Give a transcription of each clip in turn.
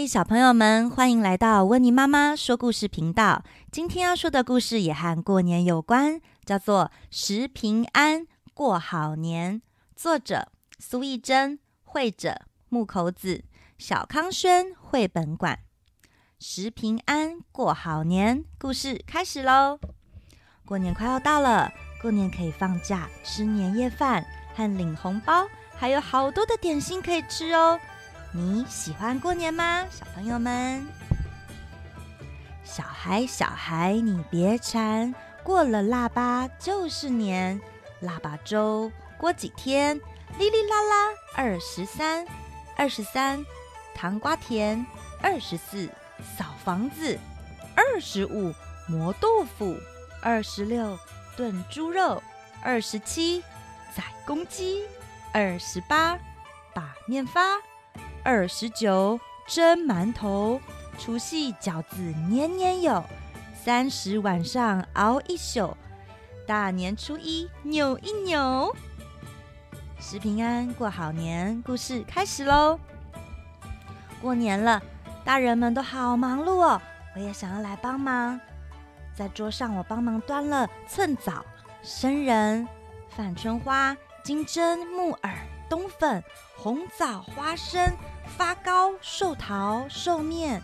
Hey, 小朋友們，歡迎來到溫妮媽媽說故事頻道。今天要說的故事也和過年有關，叫做《食平安過好年》，作者蘇懿禎，繪者木口子，小康軒繪本館。食平安過好年，故事開始嘍！過年快要到了，過年可以放假、吃年夜飯和領紅包，還有好多的點心可以吃哦。你喜歡過年嗎，小朋友們？小孩，小孩，你別饞，過了臘八就是年。臘八粥過幾天，哩哩啦啦二十三，二十三，糖瓜甜。二十四，掃房子。二十五，磨豆腐。二十六，燉豬肉。二十七，宰公雞。二十八，把麵發。二十九，蒸饅頭，除夕餃子年年有。三十晚上熬一宿，大年初一扭一扭。食平安，過好年。故事開始嘍！過年了，大人們都好忙碌哦，我也想要來幫忙。在桌上，我幫忙端了寸棗、生仁、返春花、金針、木耳。冬粉、紅棗、花生、發糕、壽桃、壽麵，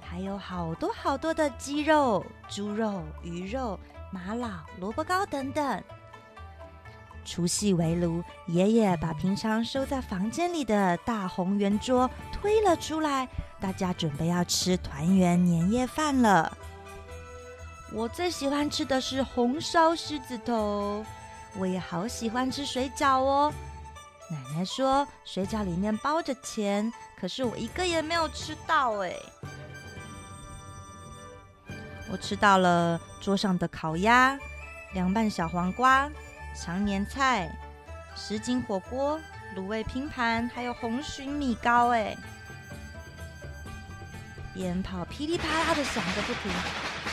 還有好多好多的雞肉、豬肉、魚肉、麻粩、蘿蔔糕等等。除夕圍爐，爺爺把平常收在房間裡的大紅圓桌推了出來，大家準備要吃團圓年夜飯了。我最喜歡吃的是紅燒獅子頭，我也好喜歡吃水餃哦。奶奶說水餃裡面包着錢，可是我一個也沒有吃到欸。我吃到了桌上的烤鴨、涼拌小黃瓜、長年菜、什錦火鍋、滷味拼盤，還有紅蟳米糕欸。鞭炮噼里啪啦的響個不停，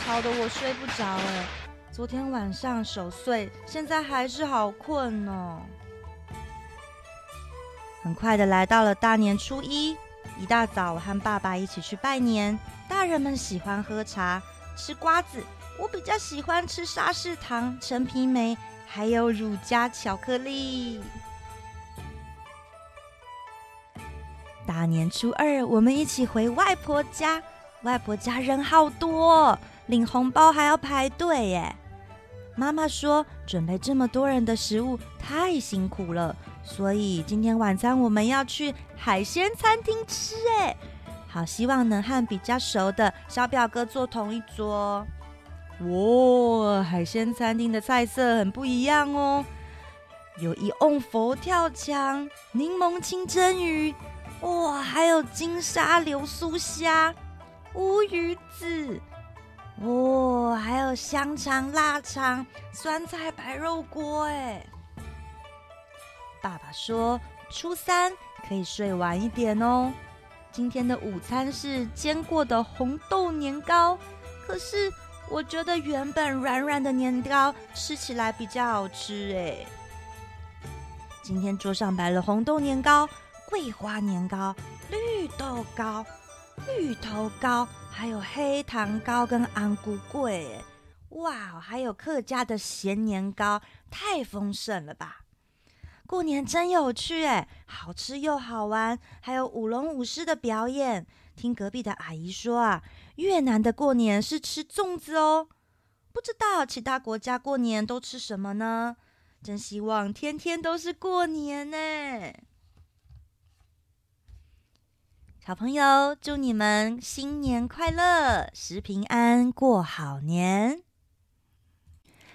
吵得我睡不着欸。昨天晚上守歲，現在還是好困哦。很快的來到了大年初一，一大早我和爸爸一起去拜年。大人們喜歡喝茶、吃瓜子，我比較喜歡吃沙士糖、陳皮梅，還有乳加巧克力。大年初二，我們一起回外婆家。外婆家人好多，領紅包還要排隊耶。媽媽說，準備這麼多人的食物太辛苦了。所以今天晚餐我們要去海鮮餐廳吃，哎，好希望能和比較熟的小表哥坐同一桌。哇，海鮮餐廳的菜色很不一樣哦，有一甕佛跳牆、檸檬清蒸魚，哇，還有金沙流蘇蝦、烏魚子，哇，還有香腸、臘腸、酸菜白肉鍋，哎爸爸說：“初三可以睡晚一點哦。”今天的午餐是煎過的紅豆年糕，可是我覺得原本軟軟的年糕吃起來比較好吃誒。今天桌上擺了紅豆年糕、桂花年糕、綠豆糕、芋頭糕，還有黑糖糕跟安菇粿。哇，還有客家的鹹年糕，太豐盛了吧！過年真有趣哎，好吃又好玩，還有舞龍舞獅的表演。聽隔壁的阿姨說啊，越南的過年是吃粽子哦。不知道其他國家過年都吃什麼呢？真希望天天都是過年呢！小朋友，祝你們新年快樂，食平安，過好年！